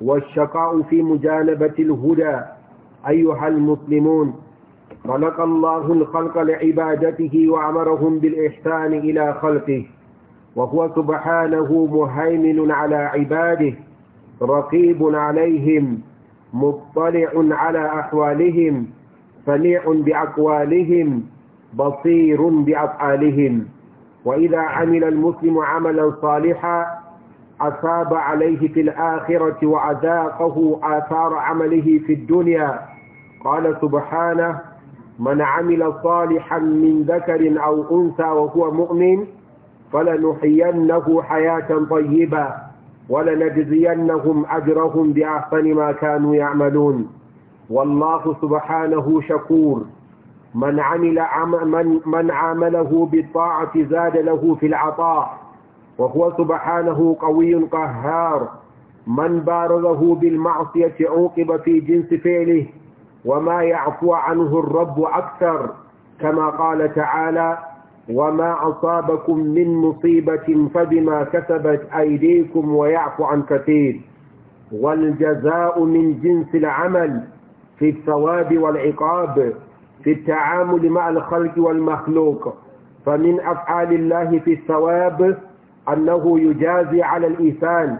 والشقاء في مجانبة الهدى أيها المسلمون خلق الله الخلق لعبادته وأمرهم بالإحسان إلى خلقه وهو سبحانه مهيمن على عباده رقيب عليهم مطلع على أحوالهم سميع بأقوالهم بصير بأفعالهم وإذا عمل المسلم عملا صالحا أصاب عليه في الآخرة وأذاقه آثار عمله في الدنيا قال سبحانه من عمل صالحا من ذكر أو أنثى وهو مؤمن فلنحيينه حياة طيبة ولنجزينهم أجرهم بأحسن ما كانوا يعملون والله سبحانه شكور من عمل عم من من عامله بالطاعة زاد له في العطاء وهو سبحانه قوي قهار من بارزه بالمعصية عوقب في جنس فعله وما يعفو عنه الرب أكثر كما قال تعالى وما أصابكم من مصيبة فبما كسبت أيديكم ويعفو عن كثير والجزاء من جنس العمل في الثواب والعقاب في التعامل مع الخلق والمخلوق فمن أفعال الله في الثواب أنه يجازي على الإيثان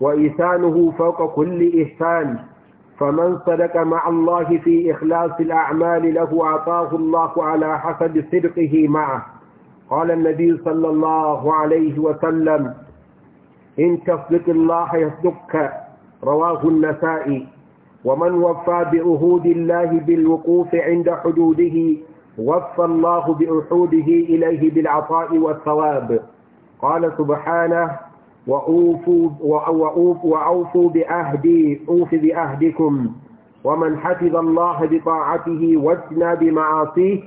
وإيثانه فوق كل إحسان فمن صدق مع الله في إخلاص الأعمال له أعطاه الله على حسب صدقه معه قال النبي صلى الله عليه وسلم إن تصدق الله يصدقك رواه النسائي ومن وفى بعهود الله بالوقوف عند حدوده وفى الله بعهوده إليه بالعطاء والثواب قال سبحانه وأوفوا, وأوفوا, وأوفوا بأهدي أوف بأهدكم ومن حفظ الله بطاعته واجنى بمعاصيه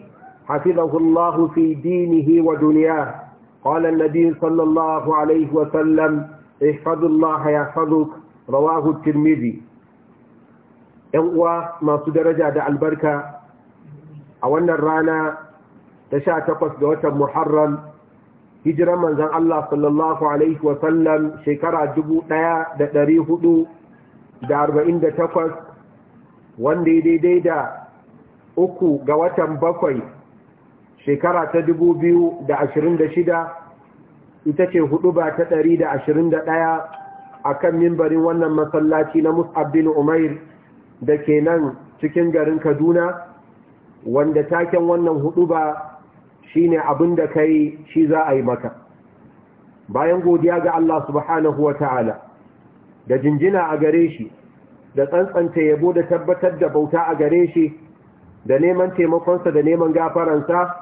حفظه الله في دينه ودنياه قال النبي صلى الله عليه وسلم احفظ الله يحفظك رواه الترمذي uwa ما daraja da البركة a wannan rana ta sha محرم hijiran manzan Allah sallallahu Alaihi wasallam shekara takwas, wanda ya daidai da uku ga watan bakwai shekara ta shida, ita ce hudu ba ta ɗaya a kan mimbarin wannan masallaci na Mus'abdin Umair da ke nan cikin garin Kaduna wanda taken wannan hudu ba shine abin da kai shi za a yi maka bayan godiya ga Allah subhanahu wa ta'ala da jinjina a gare shi da tsantsanta yabo da tabbatar da bauta a gare shi da neman taimakonsa da neman gafaransa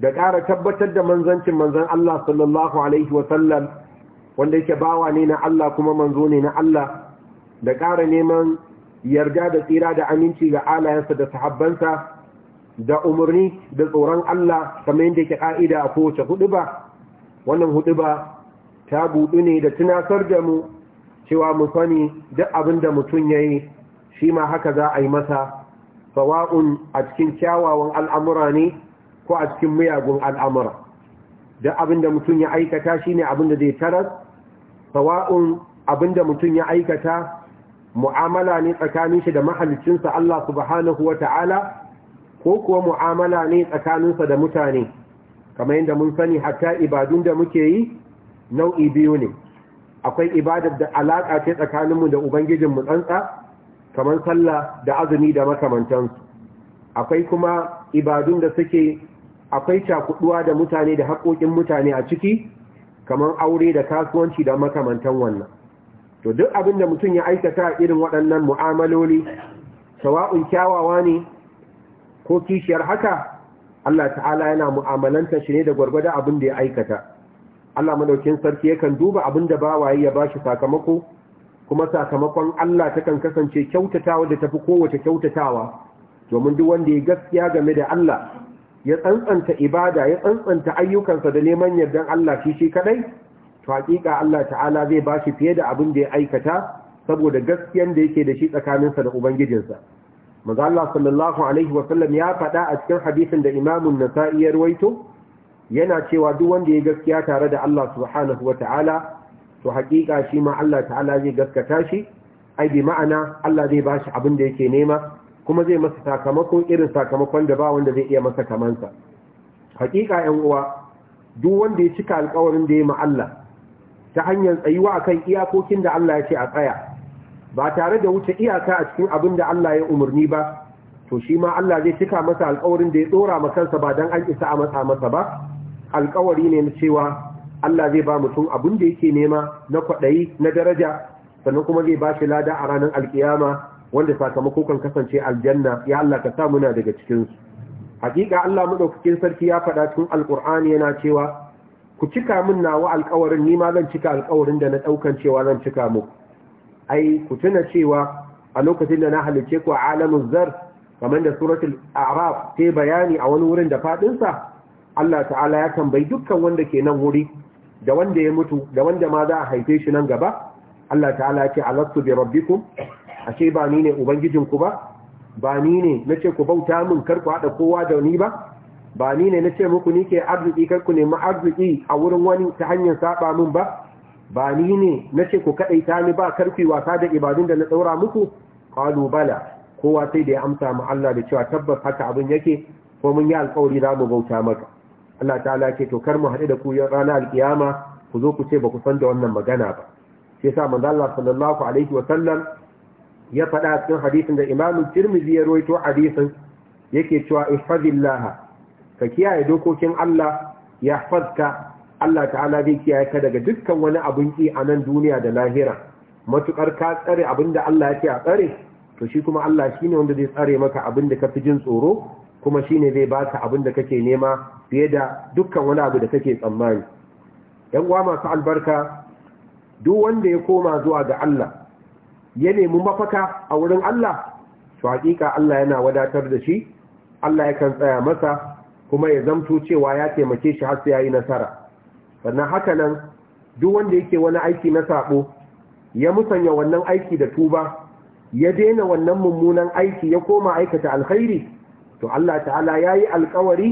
da ƙara tabbatar da manzancin manzan Allah sallallahu Alaihi wasallam wanda yake bawa ne na Allah kuma manzo ne na Allah da ƙara neman yarda da tsira da aminci ga alayensa da sahabbansa da umarni da tsoron Allah kamar yadda yake ka'ida a kowace hudu ba wannan hudu ba ta buɗu ne da tunasar da mu cewa mu sani duk abin da mutum ya yi shi ma haka za a yi masa sawa'un a cikin kyawawan al'amura ne ko a cikin miyagun al'amura duk abin da mutum ya aikata shi ne abin da zai taras sawa'un abin da mutum ya aikata mu'amala ne tsakanin shi da mahalicinsa Allah subhanahu wa ta'ala ko kuwa mu'amala ne tsakaninsa da mutane kamar yadda mun sani hatta ibadun da muke yi nau'i biyu ne akwai ibadar da alaƙa ce tsakaninmu da ubangijinmu tsantsa kamar sallah da azumi da makamantansu akwai kuma ibadun da suke akwai cakuɗuwa da mutane da haƙoƙin mutane a ciki kamar aure da kasuwanci da makamantan wannan to duk abin da mutum ya aikata irin waɗannan mu'amaloli sawa'un kyawawa ne ko kishiyar haka Allah ta'ala yana mu'amalanta shi ne da gwargwada abin da ya aikata Allah madaukin sarki yakan duba abin da bawaye ya bashi sakamako kuma sakamakon Allah takan kasance kyautatawa da tafi kowace kyautatawa domin duk wanda ya gaskiya game da Allah ya tsantsanta ibada ya tsantsanta ayyukansa da neman yardan Allah shi shi kadai to hakika Allah ta'ala zai bashi fiye da abin da ya aikata saboda gaskiyan da yake da shi tsakaninsa da ubangijinsa maza Allah sallallahu alaihi wa ya faɗa a cikin hadisin da imamun na sa’iyar waito yana cewa duk wanda ya gaskiya tare da Allah subhanahu wa ta'ala to haƙiƙa shi ma Allah ta'ala zai gaskata shi ai bi ma'ana Allah zai ba shi abin da yake nema kuma zai masa sakamakon irin sakamakon da ba wanda zai iya masa kamansa haƙiƙa 'yan uwa duk wanda ya cika alƙawarin da ya ma Allah ta hanyar tsayuwa akan iyakokin da Allah ya ce a tsaya ba tare da wuce iyaka a cikin abin da Allah ya umarni ba to shi ma Allah zai cika masa alƙawarin da ya dora ma kansa ba dan an isa a masa masa ba alƙawari ne na cewa Allah zai ba mutum abin da yake nema na kwaɗayi na daraja sannan kuma zai ba shi lada a ranar alkiyama wanda sakamako kan kasance aljanna ya Allah ka sa muna daga cikin su hakika Allah mu madaukakin sarki ya faɗa cikin alqur'ani yana cewa ku cika min nawa alƙawarin ni ma zan cika alƙawarin da na ɗaukan cewa zan cika muku ai ku tuna cewa a lokacin da na halice ku a alamun zar kamar da suratul araf ta bayani a wani wurin da fadinsa Allah ta'ala ya tambayi dukkan wanda ke nan wuri da wanda ya mutu da wanda ma za a haife shi nan gaba Allah ta'ala ya ce alastu bi rabbikum ashe ba ni ne ubangijin ku ba ba ni ne nace ku bauta min kar ku hada kowa da ni ba ba ni ne nace muku ni ke arziki kar ku nemi arziki a wurin wani ta hanyar saba min ba ba ni ne na ce ku kaɗaita ni ba karfi wasa da ibadun da na tsaura muku ƙalu bala kowa sai da ya amsa ma Allah da cewa tabbas haka abin yake ko mun yi alƙawari za mu bauta maka Allah ta ce to kar mu haɗu da ku rana alƙiyama ku zo ku ce ba ku san da wannan magana ba sai sa manzo Allah sallallahu alaihi wa sallam ya faɗa cikin hadisin da imamin Tirmidhi ya rawaito hadisin yake cewa ihfazillaha ka kiyaye dokokin Allah ya yahfazka Allah ta'ala zai kiyaye ka daga dukkan wani abin ki a nan duniya da lahira matukar ka tsare abin da Allah ya a tsare to shi kuma Allah shine wanda zai tsare maka abin da ka fi jin tsoro kuma shine zai baka abin da kake nema fiye da dukkan wani abu da kake tsammani yan uwa masu albarka duk wanda ya koma zuwa ga Allah ya nemi mafaka a wurin Allah to hakika Allah yana wadatar da shi Allah yakan tsaya masa kuma ya zamto cewa ya taimake shi har sai yayi nasara sannan haka nan duk wanda yake wani aiki na sabo ya musanya wannan aiki da tuba ya daina wannan mummunan aiki ya koma aikata alkhairi to Allah ta'ala yayi alƙawari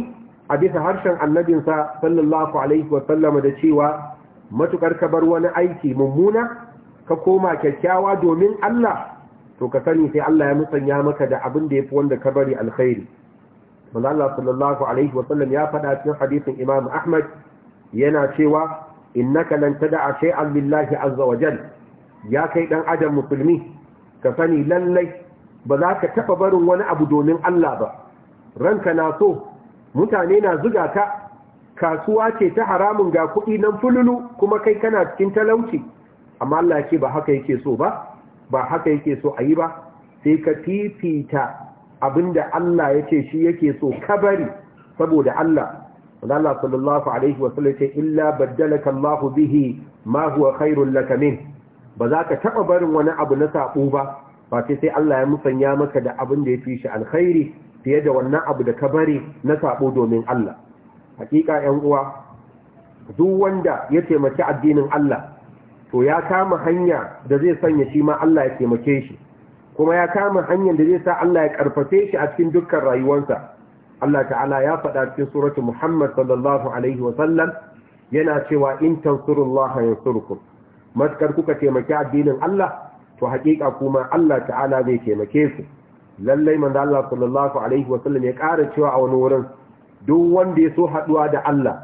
a bisa harshen annabinsa sallallahu alaihi wa sallama da cewa matukar ka bar wani aiki mummuna ka koma kyakkyawa domin Allah to ka sani sai Allah ya musanya maka da abin da yafi wanda ka bari alkhairi manzo Allah sallallahu alaihi wa sallam ya faɗa cikin hadisin Imam Ahmad yana cewa innaka lan tada'a shay'an lillahi azza wa jal ya kai dan adam musulmi ka sani lallai ba za ka taba barin wani abu domin Allah ba ranka na so mutane na zuga ka kasuwa ce ta haramun ga kuɗi nan fululu kuma kai kana cikin talauci amma Allah yake ba haka yake so ba ba haka yake so a yi ba sai ka fifita abinda Allah ya ce shi yake so ka bari saboda Allah wanda Allah sallallahu alaihi wa ce illa baddalaka Allahu bihi ma huwa khairul laka min ba za ka taɓa barin wani abu na saɓo ba ba sai sai Allah ya musanya maka da abin da ya fi shi alkhairi fiye da wannan abu da ka bari na saɓo domin Allah hakika 'yan uwa duk wanda ya taimaki addinin Allah to ya kama hanya da zai sanya shi ma Allah ya taimake shi kuma ya kama hanyar da zai sa Allah ya karfafe shi a cikin dukkan rayuwarsa Allah ta'ala ya faɗa cikin suratu Muhammad sallallahu alaihi sallam, yana cewa in tansurullaha yansurkum matkar kuka taimaki addinin Allah to haƙiƙa kuma Allah ta'ala zai taimake ku lallai manzo Allah sallallahu alaihi sallam ya ƙara cewa a wani wurin duk wanda ya so haɗuwa da Allah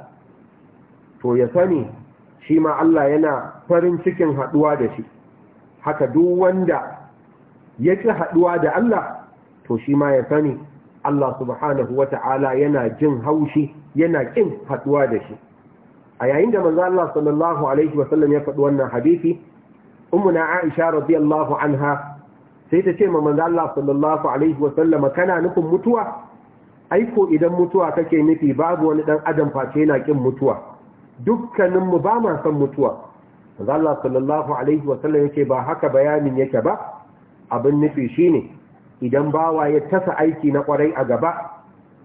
to ya sani shi ma Allah yana farin cikin haɗuwa da shi haka duk wanda ya ci haɗuwa da Allah to shi ma ya sani Allah subhanahu wa ta'ala yana jin haushi yana ƙin haɗuwa da shi a yayin da manzo Allah sallallahu alaihi wa sallam ya faɗi wannan hadisi ummuna Aisha radiyallahu anha sai ta ce ma manzo Allah sallallahu alaihi wa sallam kana nufin mutuwa aiko idan mutuwa kake nufi babu wani ɗan adam face yana ƙin mutuwa Dukkaninmu mu ba ma san mutuwa manzo Allah sallallahu alaihi wa sallam yake ba haka bayanin yake ba abin nufi shi ne. idan bawa ya tasa aiki na kwarai a gaba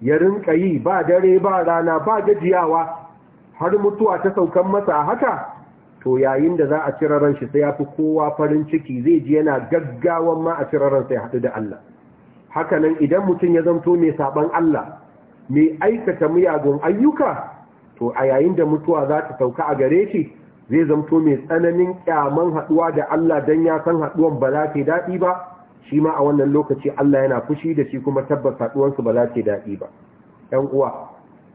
ya rinka yi ba dare ba rana ba gajiyawa har mutuwa ta saukan masa haka to yayin da za a cire ran shi sai ya fi kowa farin ciki zai ji yana gaggawan ma a cire ran sai haɗu da Allah hakanan idan mutum ya zanto mai saban Allah mai aikata miyagun ayyuka to a yayin da mutuwa za ta sauka a gare shi zai zanto mai tsananin kyaman haɗuwa da Allah don ya san haɗuwan ba za ta daɗi ba shi ma a wannan lokaci Allah yana fushi da shi kuma tabbas haduwansu ba za ta daɗi ba Yan uwa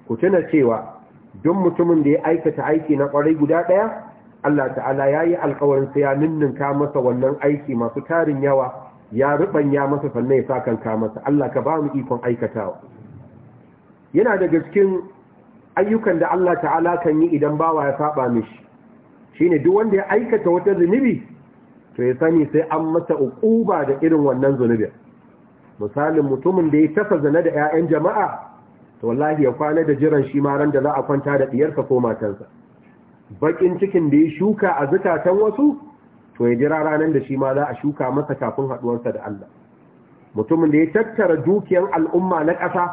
ku tuna cewa duk mutumin da ya aikata aiki na ƙwarai guda ɗaya Allah ta'ala ya yi alkawarin sai ya ninninka masa wannan aiki masu tarin yawa ya ruɓanya masa sannan ya sakanka masa Allah ka ba mu ikon aikatawa yana daga cikin ayyukan da Allah ta'ala kan yi idan bawa ya saba mishi shine duk wanda ya aikata wata zunubi to ya sani sai an masa uquba da irin wannan zunubin misalin mutumin da ya tafa zina da 'ya'yan jama'a to wallahi ya kwana da jiran shi ma ran da za a kwanta da diyarsa ko matansa bakin cikin da ya shuka a zukatan wasu to ya jira ranar da shi ma za a shuka masa kafin haduwarsa da Allah mutumin da ya tattara dukiyar al'umma na ƙasa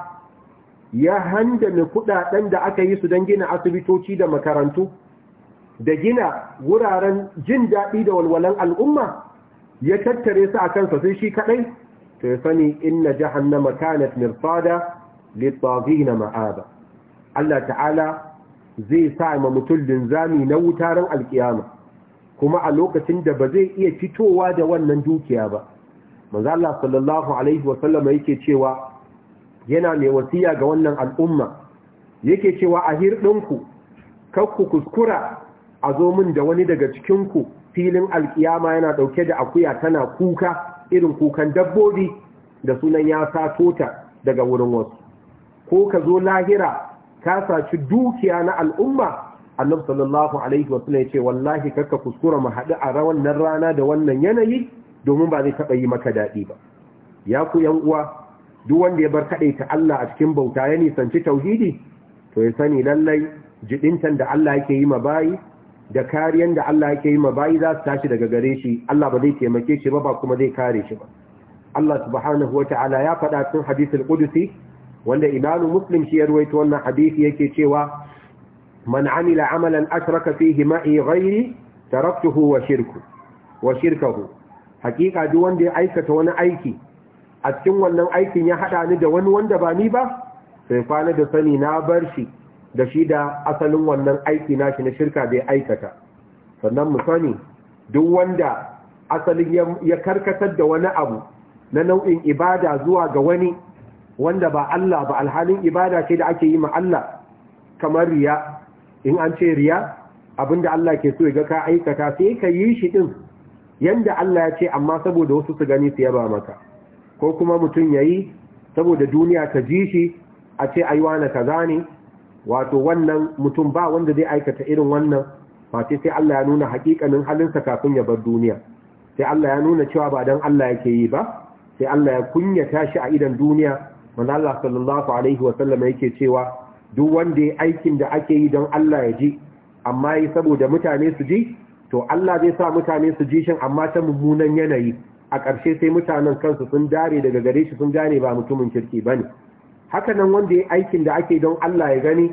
ya ne kuɗaɗen da aka yi su don gina asibitoci da makarantu da gina wuraren jin daɗi da walwalan al'umma ya tattare su a kansa sai shi kaɗai to ya sani inna jahannama kanat mirfada litaghina ma'aba Allah ta'ala zai sa ma mutum linzami na wutaren alkiyama kuma a lokacin da ba zai iya fitowa da wannan dukiya ba manzo Allah sallallahu alaihi wasallam yake cewa yana mai wasiya ga wannan al'umma yake cewa a hirɗinku kakku kuskura a zo min da wani daga cikinku filin alkiyama yana ɗauke da akuya tana kuka irin kukan dabbobi da sunan ya sato ta daga wurin wasu ko ka zo lahira ka saci dukiya na al'umma annabi sallallahu alaihi wa sallam ce wallahi karka kuskura mu haɗu a wannan rana da wannan yanayi domin ba zai taɓa yi maka daɗi ba ya ku yan uwa duk wanda ya bar kaɗaita Allah a cikin bauta ya nisanci tauhidi to ya sani lallai jidintan da Allah yake yi ma bayi da kariyan da Allah yake yi ma bayi za su tashi daga gare shi Allah ba zai taimake shi ba ba kuma zai kare shi ba Allah subhanahu wata'ala ya faɗa cikin hadisul qudusi wanda Imam Muslim shi ya ruwaito wannan hadisi yake cewa man amila amalan ashraka fihi ma'i ghairi taraktuhu wa shirku wa shirkahu hakika duk wanda ya aikata wani aiki a cikin wannan aikin ya hada ni da wani wanda ba ni ba sai kwana da sani na bar shi da shi da asalin wannan aiki shi na shirka da aikata sannan mu sani duk wanda asalin ya karkatar da wani abu na nau'in ibada zuwa ga wani wanda ba Allah ba alhalin ibada ce da ake yi ma Allah kamar riya in an ce riya abinda Allah ke so ya ga ka aikata sai ka yi shi din yanda Allah ya ce amma saboda wasu su gani su yaba maka ko kuma mutum yayi saboda duniya ta ji shi a ce ai na kaza ne wato wannan mutum ba wanda zai aikata irin wannan face sai Allah ya nuna hakikanin halinsa kafin ya bar duniya sai Allah ya nuna cewa ba dan Allah yake yi ba sai Allah ya kunyata shi a idan duniya manzo Allah sallallahu alaihi wa sallam yake cewa duk wanda ya aikin da ake yi don Allah ya ji amma yi saboda mutane su ji to Allah zai sa mutane su ji shin amma ta mummunan yanayi a ƙarshe sai mutanen kansu sun dare daga gare shi sun gane ba mutumin kirki bane haka nan wanda ya aikin da ake don Allah ya gani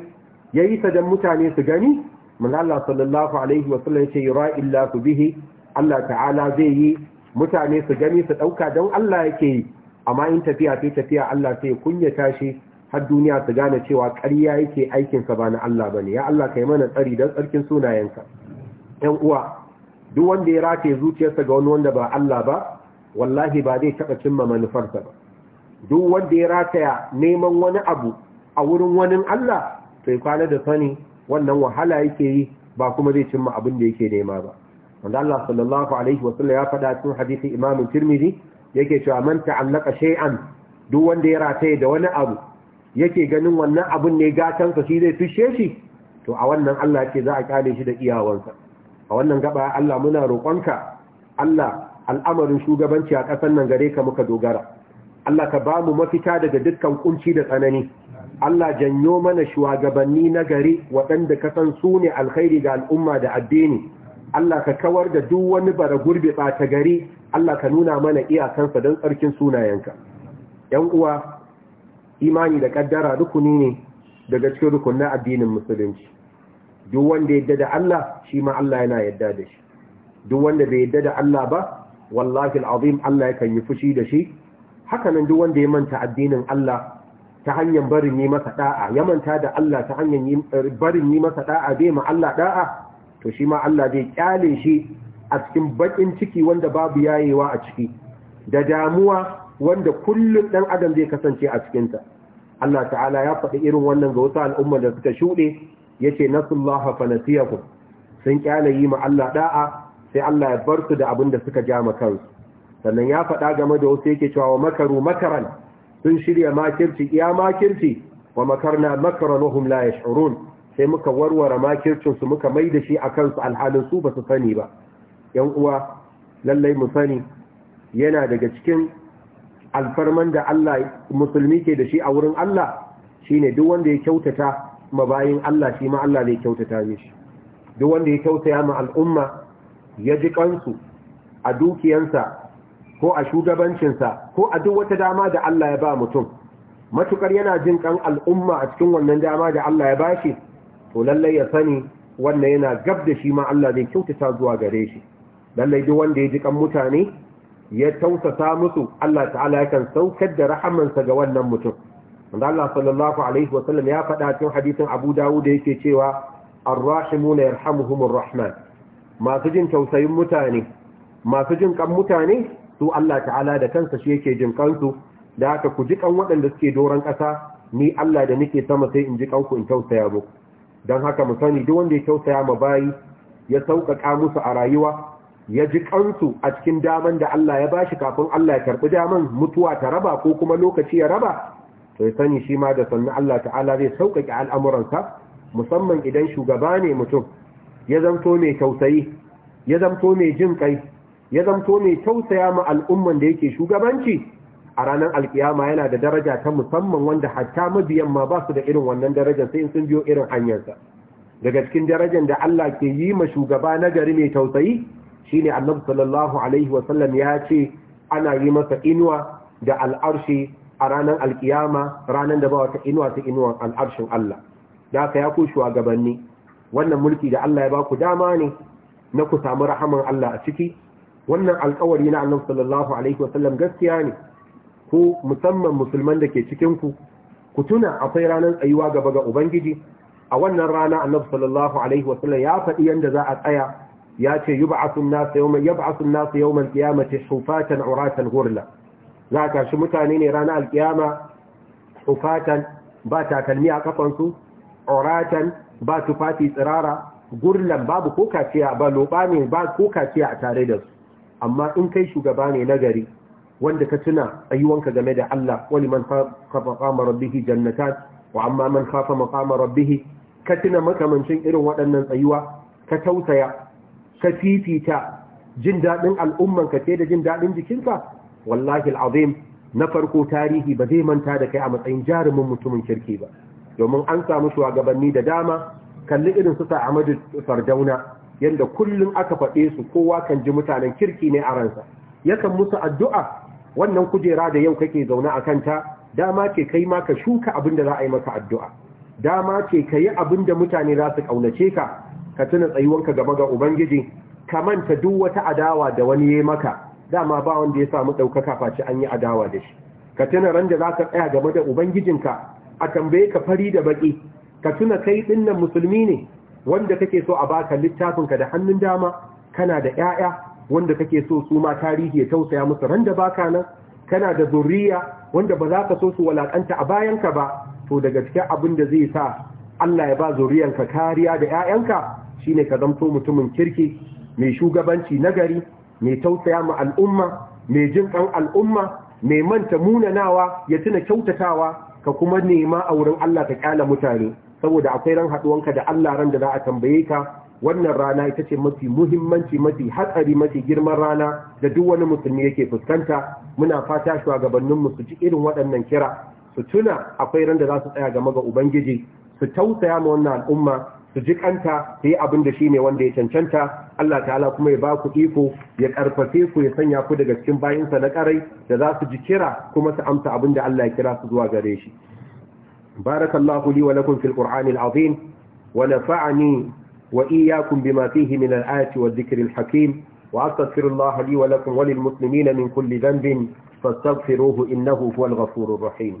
ya yi don mutane su gani manzo Allah sallallahu alaihi wa sallam illa su bihi Allah ta'ala zai yi mutane su gani su ɗauka don Allah yake yi amma in tafiya sai tafiya Allah sai kunya tashi har duniya su gane cewa ƙarya yake aikin sa ba na Allah ba ne ya Allah ka yi mana tsari don tsarkin sunayenka Yan uwa duk wanda ya rataye zuciyarsa ga wani wanda ba Allah ba wallahi ba zai taɓa cimma manufarsa ba duk wanda ya rataya neman wani abu a wurin wani Allah to ya kwana da sani wannan wahala yake yi ba kuma zai cimma abin da yake nema ba wanda Allah sallallahu alaihi wasallam ya faɗa cikin hadisi Imam Tirmidhi yake cewa man ta'allaka shay'an duk wanda ya rataya da wani abu yake ganin wannan abun ne gatan sa shi zai fishe shi to a wannan Allah ce za a kare shi da iyawansa a wannan gaba Allah muna roƙonka Allah al'amarin shugabanci a ƙasar nan gare ka muka dogara Allah ka ba mu mafita daga dukkan kunci da tsanani Allah janyo mana shugabanni na gari waɗanda ka san su ne alkhairi ga al'umma da addini Allah ka kawar da duk wani bara gurbi tsata gari Allah ka nuna mana iyakansa don tsarkin sunayenka ‘yan uwa imani da ƙaddara rukuni ne daga cikin rukunin addinin musulunci duk wanda yadda da Allah shi ma Allah yana yadda da shi duk wanda bai yadda da Allah ba wallahi al'azim Allah yakan yi fushi da shi haka nan duk wanda ya manta addinin Allah ta hanyar barin yi masa da'a ya manta da Allah ta hanyar er, barin yi masa da'a bai ma Allah da'a to shi ma Allah zai kyale shi a cikin bakin ciki wanda babu yayewa a ciki da damuwa wanda kullum dan adam zai kasance a cikin ta Allah ta'ala ya faɗi irin wannan ga wasu al'umma da suka shuɗe yace nasullaha fanasiyakum sun kyale yi ma Allah da'a sai Allah ya bar su da abin da suka ja kansu sannan ya faɗa game da wasu yake cewa wa makaru makaran sun shirya makirci iya makirci wa makarna makaran wahum la yash'urun sai muka warware makircin su muka da shi akan su alhalin su basu sani ba yan uwa lallai mu sani yana daga cikin alfarman da Allah musulmi ke da shi a wurin Allah shine duk wanda ya kyautata mabayin Allah shi ma Allah ne kyautata mishi duk wanda ya kyautaya ma al'umma ya ji kansu a dukiyansa ko a shugabancinsa ko a duk wata dama da Allah ya ba mutum matukar yana jin kan al'umma a cikin wannan dama da Allah ya ba shi, to lallai ya sani wannan yana gab da shi ma Allah zai kyautata zuwa gare shi lallai duk wanda ya ji kan mutane ya tausasa musu Allah ta'ala yakan saukar da rahamansa ga wannan mutum wanda Allah sallallahu alaihi wasallam ya faɗa cikin hadisin Abu Dawud da yake cewa ar-rahimuna yarhamuhumur rahman masu jin tausayin mutane masu jin kan mutane su Allah ta'ala da kansa shi yake jin kansu da haka ku ji kan waɗanda suke doron ƙasa ni Allah da nake sama sai in ji kanku in tausaya muku dan haka mu sani duk wanda ya tausaya ma bayi ya sauƙaƙa musu a rayuwa ya ji kansu a cikin daman da Allah ya bashi kafin Allah ya karɓi daman mutuwa ta raba ko kuma lokaci ya raba to ya sani shi ma da sannu Allah ta'ala zai sauƙaƙe al'amuransa musamman idan shugaba ne mutum ya zamto mai tausayi ya zamto mai jin kai ya zamto mai tausaya ma al'umman da yake shugabanci a ranar alkiyama yana da daraja ta musamman wanda hatta mabiyan ma ba su da irin wannan darajar sai sun biyo irin hanyarsa daga cikin darajar da Allah ke yi ma shugaba na gari mai tausayi shine annabi sallallahu alaihi wasallam ya ce ana yi masa inuwa da al'arshi a ranar alkiyama ranar da ba wata inuwa ta inuwan al'arshin Allah da haka ya ku shugabanni wannan mulki da Allah ya ba ku dama ne na ku samu rahaman Allah a ciki wannan alkawari na annabi sallallahu alaihi wasallam gaskiya ne ko musamman musulman da ke cikin ku ku tuna akwai ranar tsayuwa gaba ga ubangiji a wannan rana annabi sallallahu alaihi wasallam ya faɗi yanda za a tsaya ya ce yub'athu an-nasu yawman yub'athu an-nasu yawman qiyamati hufatan uratan hurla za ka shi mutane ne ranar alkiyama hufatan ba takalmi a kafansu uratan ba tufafi tsirara gurlan babu ko kaciya ba loba ba ko kaciya a tare da su amma in kai shugaba ne na gari wanda ka tuna ayyuwanka game da Allah wani man kafa kama rabbihi jannatan wa amma man kafa makama rabbihi ka tuna makamancin irin waɗannan tsayuwa ka tausaya ka fifita jin daɗin al'umman ka ce da jin daɗin jikinka wallahi al'azim na farko tarihi ba zai manta da kai a matsayin jarumin mutumin kirki ba domin an samu shugabanni da dama kalli irin su sa Ahmadu Sardauna Yadda kullum aka faɗe su kowa kan ji mutanen kirki ne a ransa yakan musu addu'a wannan kujera da yau kake zaune a kanta dama ce kai ma ka shuka abin da za a yi maka addu'a dama ce ka yi abin da mutane za su ƙaunace ka ka tuna tsayuwanka gaba ga ubangiji ka manta duk wata adawa da wani ya maka dama ba wanda ya samu ɗaukaka face an yi adawa da shi ka tuna ran da za ka tsaya game da ubangijinka a tambaye ka fari da baƙi ka tuna kai ɗinnan musulmi ne wanda kake so a baka littafinka da hannun dama kana da 'ya'ya wanda kake so su ma tarihi ya tausaya musu randa baka nan kana da zuriya wanda ba za ka so su walakanta a bayanka ba to daga cikin abin da zai sa Allah ya ba zuriyanka kariya da 'ya'yanka shine ka zamto mutumin kirki mai shugabanci nagari mai tausaya ma al'umma mai jin kan al'umma mai manta munanawa ya tuna kyautatawa ka kuma nema a wurin Allah ta kyala mutane saboda akwai ran haduwanka da Allah ran da za a tambaye ka wannan rana ita ce mafi muhimmanci mafi hatsari mafi girman rana da duk wani musulmi yake fuskanta muna fata mu su ji irin waɗannan kira su tuna akwai ran da za su tsaya game ga ubangiji su tausaya ma wannan al'umma su ji kanta su yi abin da shi ne wanda ya cancanta Allah ta'ala kuma ya ba ku iko ya karfafe ku ya sanya ku daga cikin bayinsa na karai da za su ji kira kuma su amsa abin da Allah ya kira su zuwa gare shi بارك الله لي ولكم في القرآن العظيم ونفعني وإياكم بما فيه من الآيات والذكر الحكيم وأستغفر الله لي ولكم وللمسلمين من كل ذنب فاستغفروه إنه هو الغفور الرحيم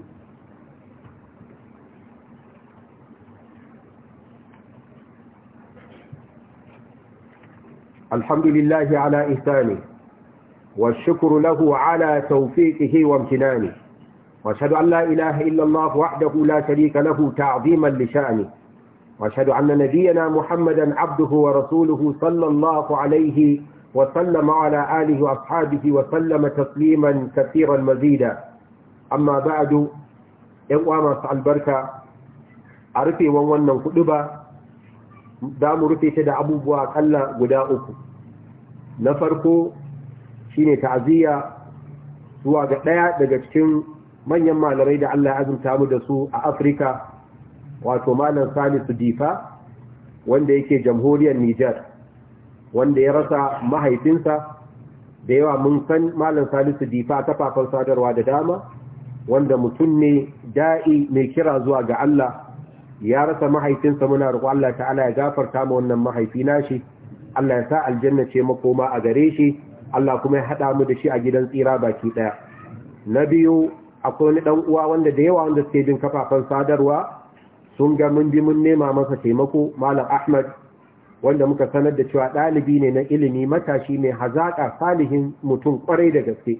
الحمد لله على إحسانه والشكر له على توفيقه وامتنانه واشهد أن لا إله إلا الله وحده لا شريك له تعظيما لشأنه واشهد أن نبينا محمدا عبده ورسوله صلى الله عليه وسلم على آله وأصحابه وسلم تسليما كثيرا مزيدا أما بعد يقوى ما البركة عرفي ووانا كتبا دام رفي تدع أبو بواك ألا قداؤك نفركو shine ta'aziyya zuwa ga ɗaya daga cikin manyan malamai da Allah ya azurta mu da su a Afirka wato malam Salisu Difa wanda yake jamhuriyar Nijar wanda ya rasa mahaifinsa da yawa mun san malam Salisu Difa kafafen sadarwa da dama wanda mutum ne da'i mai kira zuwa ga Allah ya rasa mahaifinsa muna roƙon Allah ta'ala ya gafarta ma wannan mahaifi nashi Allah ya sa aljanna ce makoma a gare shi Allah kuma ya haɗa mu da shi a gidan tsira baki ɗaya. na biyu akwai wani dan uwa wanda da yawa wanda suke bin kafafen sadarwa sun ga mun bi mun nema masa taimako malam ahmad wanda muka sanar da cewa ɗalibi ne na ilimi matashi mai hazaƙa salihin mutum kwarai da gaske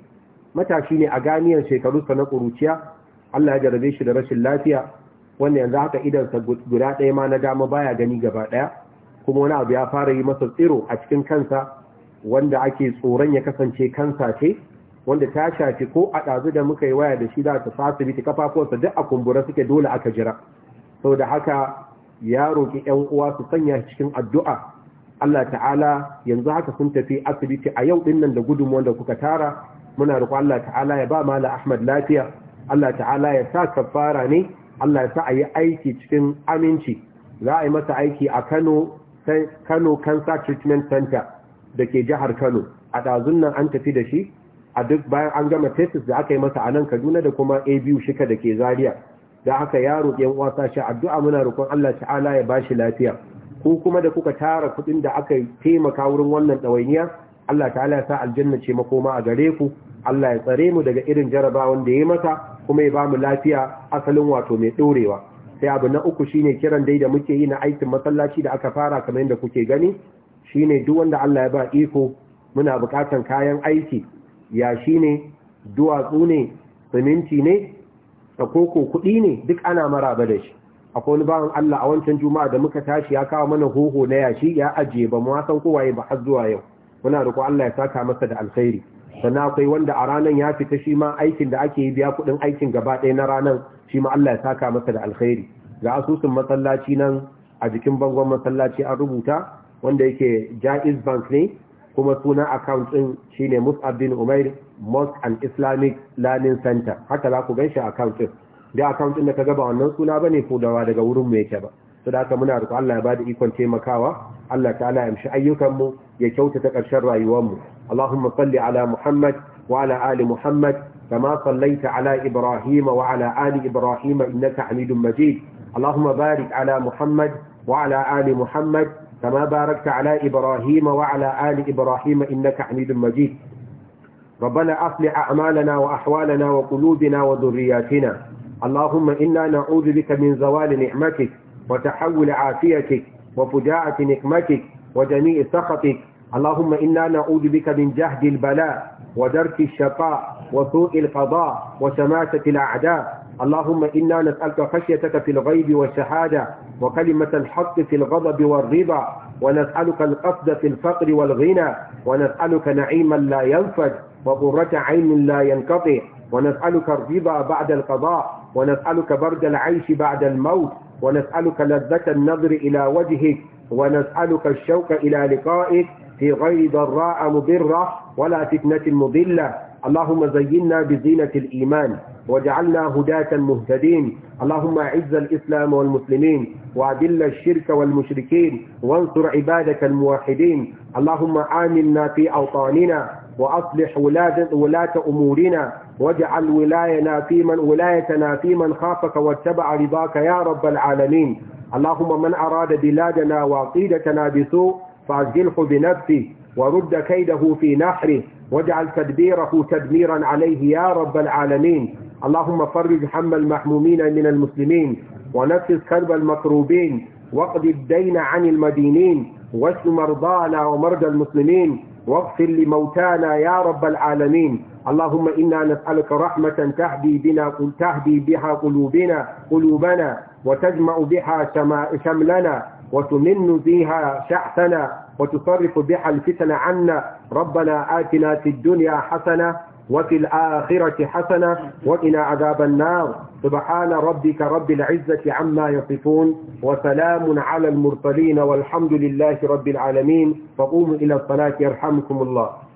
matashi ne a ganiyar shekarunsa na kuruciya Allah ya jarabe shi da rashin lafiya wanda yanzu haka sa guda ɗaya ma na dama baya gani gaba ɗaya kuma wani abu ya fara yi masa tsiro a cikin kansa wanda ake tsoron ya kasance kansa ce wanda ta shafi ko a ɗazu da muka yi waya da shi da ta fasibiti sa, duk a kumbura suke dole aka jira Sau da haka ya roƙi 'yan uwa su sanya cikin addu'a Allah ta'ala yanzu haka sun tafi asibiti a yau ɗin nan da gudunmuwan da kuka tara muna roƙo Allah ta'ala ya ba mala Ahmad lafiya Allah ta'ala ya sa kafara ne Allah ya sa a yi aiki cikin aminci za a yi masa aiki a Kano Kano Cancer Treatment Center da ke jihar Kano a ɗazun nan an tafi da shi a duk bayan an gama tesis da aka yi masa a nan kaduna da kuma a biyu shika da ke Zariya. da haka yaro roƙi yan wasa shi addu'a muna roƙon allah ta'ala ya ba shi lafiya ko kuma da kuka tara kuɗin da aka taimaka wurin wannan ɗawainiya allah ta'ala ya sa aljanna ce makoma a gare ku allah ya tsare mu daga irin jarabawan da ya mata, kuma ya ba mu lafiya asalin wato mai ɗorewa sai abu na uku shine kiran dai da muke yi na aikin masallaci da aka fara kamar yadda kuke gani shine duk wanda allah ya ba iko muna buƙatan kayan aiki yashi ne duwatsu ne siminti ne da koko kuɗi ne duk ana maraba da shi akwai wani bawan Allah a wancan juma'a da muka tashi ya kawo mana hoho na yashi ya ajiye ba mu san kowaye ba har zuwa yau muna roƙo Allah ya saka masa da alkhairi sannan akwai wanda a ranar ya fita shi ma aikin da ake yi biya kuɗin aikin gaba ɗaya na ranar shi ma Allah ya saka masa da alkhairi ga asusun masallaci nan a jikin bangon masallaci an rubuta wanda yake Jaiz Bank ne kuma suna account din shine Mus'ab bin Umair Mosque and Islamic Learning Center haka za ku ganshi account din da account din da kaga ba wannan suna bane dawa daga wurin mu yake ba to da haka muna roƙo Allah ya bada ikon taimakawa Allah ta'ala ya amshi ayyukan mu ya kyautata ƙarshen rayuwar mu Allahumma salli ala Muhammad wa ala ali Muhammad kama sallaita ala Ibrahim wa ala ali Ibrahim innaka Hamidum Majid Allahumma barik ala Muhammad wa ala ali Muhammad كما باركت على إبراهيم وعلى آل إبراهيم إنك حميد مجيد ربنا أصلح أعمالنا وأحوالنا وقلوبنا وذرياتنا اللهم إنا نعوذ بك من زوال نعمتك وتحول عافيتك وفجاعة نقمتك وجميع سخطك اللهم إنا نعوذ بك من جهد البلاء ودرك الشقاء وسوء القضاء وشماسة الأعداء اللهم إنا نسألك خشيتك في الغيب والشهادة وكلمة الحق في الغضب والرضا ونسألك القصد في الفقر والغنى ونسألك نعيما لا ينفد وقرة عين لا ينقطع ونسألك الرضا بعد القضاء ونسألك برد العيش بعد الموت ونسألك لذة النظر إلى وجهك ونسألك الشوق إلى لقائك في غير ضراء مضرة ولا فتنة مضلة اللهم زينا بزينة الإيمان وجعلنا هداة مهتدين اللهم أعز الإسلام والمسلمين وأذل الشرك والمشركين وانصر عبادك الموحدين اللهم آمنا في أوطاننا وأصلح ولاة, ولاة أمورنا واجعل ولاينا في من ولايتنا في من خافك واتبع رضاك يا رب العالمين اللهم من أراد بلادنا وعقيدتنا بسوء فعجله بنفسي ورد كيده في نحره واجعل تدبيره تدميرا عليه يا رب العالمين اللهم فرج هم المحمومين من المسلمين ونفس كرب المكروبين واقض الدين عن المدينين واشف مرضانا ومرضى المسلمين واغفر لموتانا يا رب العالمين اللهم إنا نسألك رحمة تهدي, بنا تهدي بها قلوبنا قلوبنا وتجمع بها شملنا وتمن فيها شعثنا وتصرف بها الفتن عنا ربنا آتنا في الدنيا حسنة وفي الآخرة حسنة وقنا عذاب النار سبحان ربك رب العزة عما يصفون وسلام على المرسلين والحمد لله رب العالمين فقوموا إلى الصلاة يرحمكم الله